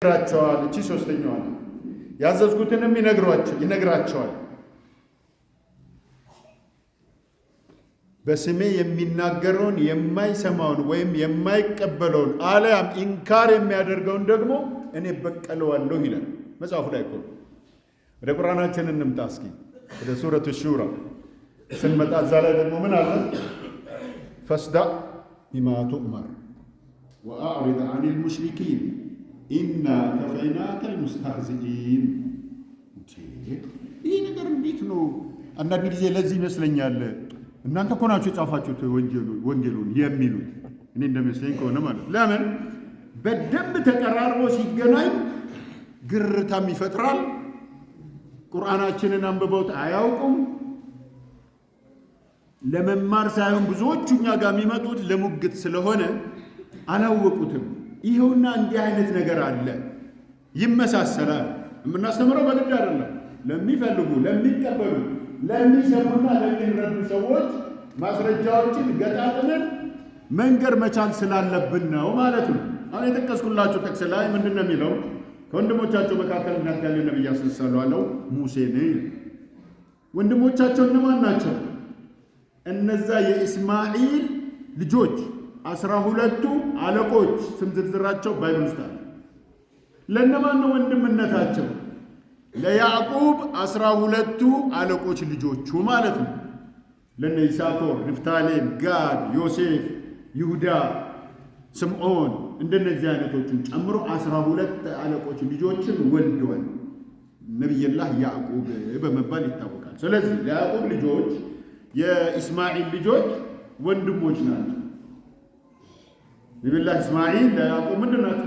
ይነግራቸዋል። እቺ ሶስተኛዋ ያዘዝኩትንም ይነግራቸዋል። በስሜ የሚናገረውን የማይሰማውን ወይም የማይቀበለውን አለያም ኢንካር የሚያደርገውን ደግሞ እኔ በቀለዋለሁ ይላል መጽሐፉ ላይ እኮ። ወደ ቁርአናችን እንምጣ እስኪ ወደ ሱረቱ ሹራ ስንመጣ እዛ ላይ ደግሞ ምን አለ? ፈስዳ ቢማ ቱእመር ወአዕሪድ አኒል ሙሽሪኪን ኢና ከፈይናከል ሙስታህዚኢን። ይህ ነገር እንዴት ነው? አንዳንድ ጊዜ ለዚህ ይመስለኛል እናንተ እኮ ናችሁ የጻፋችሁት ወንጌሉን የሚሉት እኔ እንደሚመስለኝ ከሆነ ማለት ለምን በደንብ ተቀራርቦ ሲገናኝ ግርታም ይፈጥራል። ቁርአናችንን አንብበውት አያውቁም። ለመማር ሳይሆን ብዙዎቹ እኛ ጋር የሚመጡት ለሙግት ስለሆነ አላወቁትም። ይኸውና እንዲህ አይነት ነገር አለ ይመሳሰላል። የምናስተምረው በግድ አይደለም። ለሚፈልጉ ለሚቀበሉ፣ ለሚሰሙና ለሚረዱ ሰዎች ማስረጃዎችን ገጣጥመን መንገድ መቻል ስላለብን ነው ማለት ነው። አሁን የጠቀስኩላቸው ጥቅስ ላይ ምንድን ነው የሚለው? ከወንድሞቻቸው መካከል እናት ያለ ነቢይ አስነሳለሁ አለው ሙሴን። ወንድሞቻቸው እነማን ናቸው? እነዛ የእስማኤል ልጆች አስራ ሁለቱ አለቆች ስም ዝርዝራቸው ባይብል ውስጥ አለ። ለእነማን ነው ወንድምነታቸው? ለያዕቁብ አስራ ሁለቱ አለቆች ልጆቹ ማለት ነው። ለነ ይሳኮር፣ ንፍታሌም፣ ጋድ፣ ዮሴፍ፣ ይሁዳ፣ ስምዖን እንደነዚህ አይነቶቹን ጨምሮ አስራ ሁለት አለቆች ልጆችን ወልደዋል። ነቢይላህ ያዕቁብ በመባል ይታወቃል። ስለዚህ ለያዕቁብ ልጆች የኢስማኤል ልጆች ወንድሞች ናቸው። ነቢዩላህ እስማዒል ለያዕቆብ ምንድን ናት?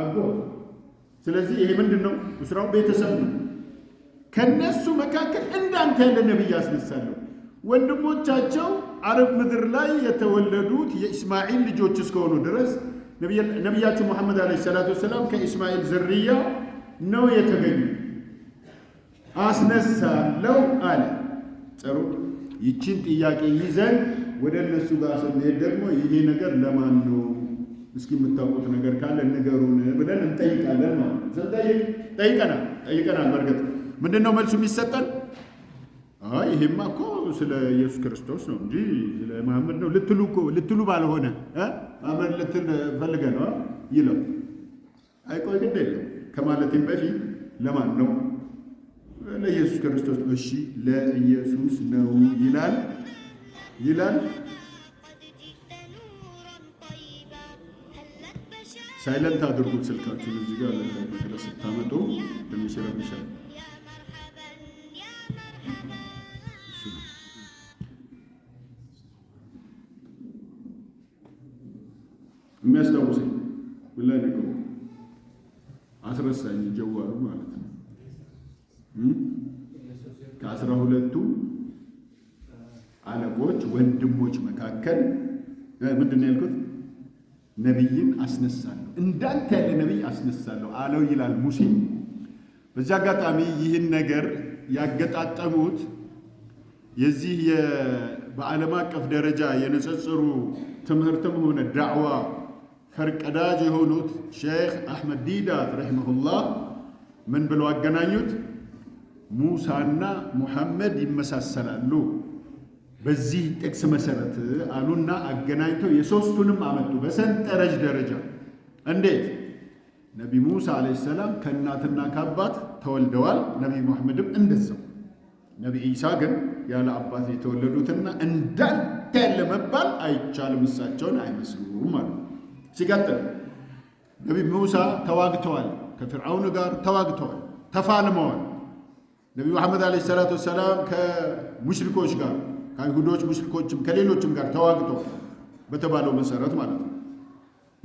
አጎት። ስለዚህ ይሄ ምንድን ነው? ስራው ቤተሰብ ነው። ከነሱ መካከል እንዳንተ ያለ ነብይ አስነሳለሁ። ወንድሞቻቸው አረብ ምድር ላይ የተወለዱት የእስማዒል ልጆች እስከሆኑ ድረስ ነቢያችን ሙሐመድ ዓለይሂ ሰላቱ ወሰላም ከእስማኤል ዝርያ ነው የተገኙ። አስነሳለው አለ። ጥሩ። ይችን ጥያቄ ይዘን ወደ እነሱ ጋር ስንሄድ ደግሞ ይሄ ነገር ለማን ነው እስኪ የምታውቁት ነገር ካለ ንገሩን ብለን እንጠይቃለን ማለት ነው። ስንጠይቅ ጠይቀናል ጠይቀናል። በእርግጥ ምንድን ነው መልሱ የሚሰጠን? አይ ይሄማ እኮ ስለ ኢየሱስ ክርስቶስ ነው እንጂ ስለ መሐመድ ነው ልትሉ እኮ ልትሉ ባልሆነ መሐመድ ልትል ፈልገ ነው ይለው። አይ ቆይ ግድ የለም ከማለቴም በፊት ለማን ነው? ለኢየሱስ ክርስቶስ። እሺ ለኢየሱስ ነው ይላል ይላል ሳይለንት አድርጉት ስልካችሁን እዚህ ጋር ለመቅረጽ ስታመጡ ትንሽ ይረብሻል። የሚያስታውሰኝ ምን ላይ ነገሩ አስረሳኝ፣ ጀዋሩ ማለት ነው። ከአስራ ሁለቱ አለቆች ወንድሞች መካከል ምንድን ነው ያልኩት? ነቢይን አስነሳለሁ፣ እንዳንተ ያለ ነቢይ አስነሳለሁ አለው ይላል ሙሴ። በዚህ አጋጣሚ ይህን ነገር ያገጣጠሙት የዚህ በዓለም አቀፍ ደረጃ የንጽጽሩ ትምህርትም ሆነ ዳዕዋ ፈርቀዳጅ የሆኑት ሼክ አሕመድ ዲዳት ረሂመሁላህ ምን ብለው አገናኙት? ሙሳና ሙሐመድ ይመሳሰላሉ በዚህ ጥቅስ መሰረት አሉና አገናኝተው የሶስቱንም አመጡ በሰንጠረዥ ደረጃ። እንዴት? ነቢ ሙሳ ዓለይሂ ሰላም ከእናትና ከአባት ተወልደዋል። ነቢ መሐመድም እንደዛው። ነቢ ኢሳ ግን ያለ አባት የተወለዱትና እንዳንተ ያለ መባል አይቻልም። እሳቸውን አይመስሉም ማለት ነው። ሲቀጥል ነቢ ሙሳ ተዋግተዋል፣ ከፍርዓውን ጋር ተዋግተዋል፣ ተፋልመዋል። ነቢ መሐመድ ዓለይሂ ሰላቱ ወሰላም ከሙሽሪኮች ጋር ከአይሁዶች ሙሽሪኮችም ከሌሎችም ጋር ተዋግቶ በተባለው መሰረት ማለት ነው።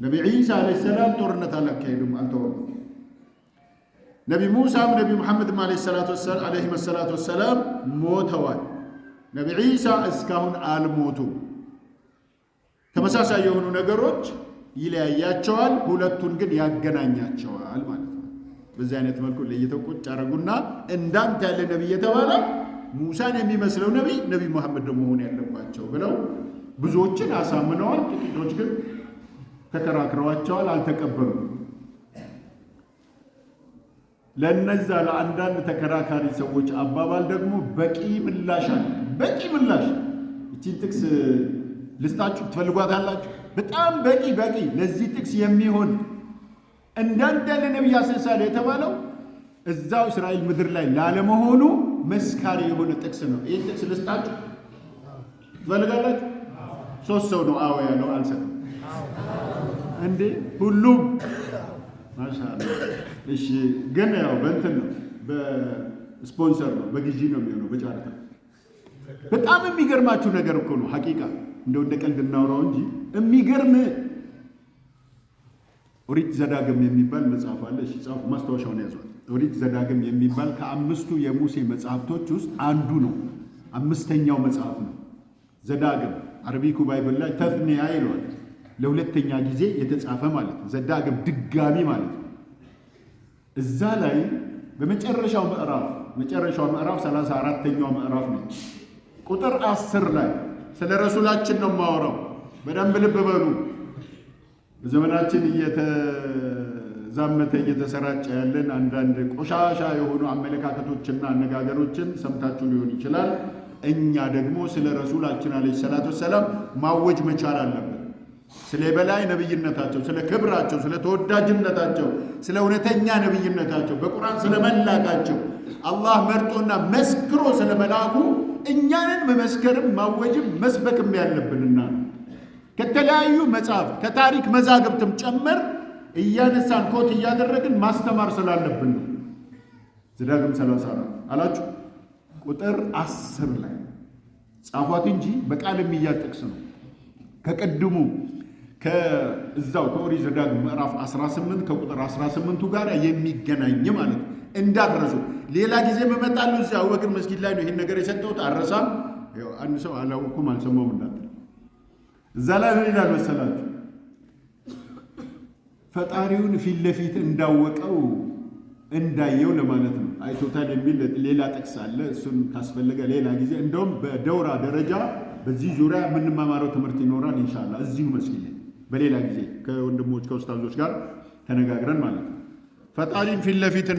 ነቢ ዒሳ ዓለይሂ ሰላም ጦርነት አላካሄዱም፣ አልተዋጉም። ነቢ ሙሳም ነቢ ሙሐመድም ዓለይሂ ሰላቱ ወሰላም ሞተዋል። ነቢ ዒሳ እስካሁን አልሞቱ ተመሳሳይ የሆኑ ነገሮች ይለያያቸዋል፣ ሁለቱን ግን ያገናኛቸዋል ማለት ነው። በዚህ አይነት መልኩ ለይተው አረጉና እንዳንተ ያለ ነቢይ የተባለ ሙሳን የሚመስለው ነቢይ ነቢይ መሐመድ ደግሞ መሆን ያለባቸው ብለው ብዙዎችን አሳምነዋል። ጥቂቶች ግን ተከራክረዋቸዋል፣ አልተቀበሉም። ለነዛ ለአንዳንድ ተከራካሪ ሰዎች አባባል ደግሞ በቂ ምላሽ አለ። በቂ ምላሽ እቺን ጥቅስ ልስጣችሁ ትፈልጓታላችሁ። በጣም በቂ በቂ ለዚህ ጥቅስ የሚሆን እንዳንዳንድ ለነቢይ አስነሳል የተባለው እዛው እስራኤል ምድር ላይ ላለመሆኑ መስካሪ የሆነ ጥቅስ ነው። ይህ ጥቅስ ልስጣችሁ ትፈልጋላችሁ? ሶስት ሰው ነው አዎ ያለው። አልሰጥም እንዴ ሁሉም እሺ ግን ያው በእንትን ነው በስፖንሰር ነው በግዢ ነው የሚሆነው በጨረታ። በጣም የሚገርማችሁ ነገር እኮ ነው ሐቂቃ እንደው እንደ ቀልድ እናውራው እንጂ የሚገርም ኦሪት ዘዳግም የሚባል መጽሐፍ አለ። ጻፉ፣ ማስታወሻውን ያዟል። ኦሪት ዘዳግም የሚባል ከአምስቱ የሙሴ መጽሐፍቶች ውስጥ አንዱ ነው። አምስተኛው መጽሐፍ ነው ዘዳግም። አረቢኩ ባይብል ላይ ተፍኒያ ይለዋል። ለሁለተኛ ጊዜ የተጻፈ ማለት ነው። ዘዳግም ድጋሚ ማለት ነው። እዛ ላይ በመጨረሻው ምዕራፍ መጨረሻው ምዕራፍ 34ተኛው ምዕራፍ ነች። ቁጥር አስር ላይ ስለ ረሱላችን ነው የማወራው። በደንብ ልብ በሉ። በዘመናችን እየተ ዛመተ እየተሰራጨ ያለን አንዳንድ ቆሻሻ የሆኑ አመለካከቶችና አነጋገሮችን ሰምታችሁ ሊሆን ይችላል። እኛ ደግሞ ስለ ረሱላችን አለይሂ ሰላቱ ወሰላም ማወጅ መቻል አለብን። ስለ በላይ ነብይነታቸው፣ ስለ ክብራቸው፣ ስለ ተወዳጅነታቸው፣ ስለ እውነተኛ ነብይነታቸው፣ በቁርአን ስለ መላካቸው አላህ መርጦና መስክሮ ስለ መላኩ እኛንን መመስከርም ማወጅም መስበክም ያለብንና ከተለያዩ መጽሐፍ ከታሪክ መዛግብትም ጨምር እያነሳን ኮት እያደረግን ማስተማር ስላለብን ነው። ዘዳግም 34 አላችሁ ቁጥር አስር ላይ ጻፏት እንጂ በቃል የሚያዝ ጥቅስ ነው። ከቅድሙ ከእዛው ከኦሪ ዘዳግም ምዕራፍ 18 ከቁጥር 18ቱ ጋር የሚገናኝ ማለት ነው። እንዳትረሱ። ሌላ ጊዜ መመጣሉ እዚ አወግን መስጊድ ላይ ነው ይሄን ነገር የሰጠሁት። አረሳም አንድ ሰው አላውኩም አልሰማሁም እንዳትል እዛ ላይ ምን ይላል መሰላችሁ ፈጣሪውን ፊት ለፊት እንዳወቀው እንዳየው ለማለት ነው። አይቶታል የሚል ሌላ ጥቅስ አለ። እሱን ካስፈለገ ሌላ ጊዜ እንደውም በደውራ ደረጃ በዚህ ዙሪያ የምንማማረው ትምህርት ይኖራል እንሻላ እዚሁ መስጊድ በሌላ ጊዜ ከወንድሞች ከውስታዞች ጋር ተነጋግረን ማለት ነው። ፈጣሪን ፊት ለፊት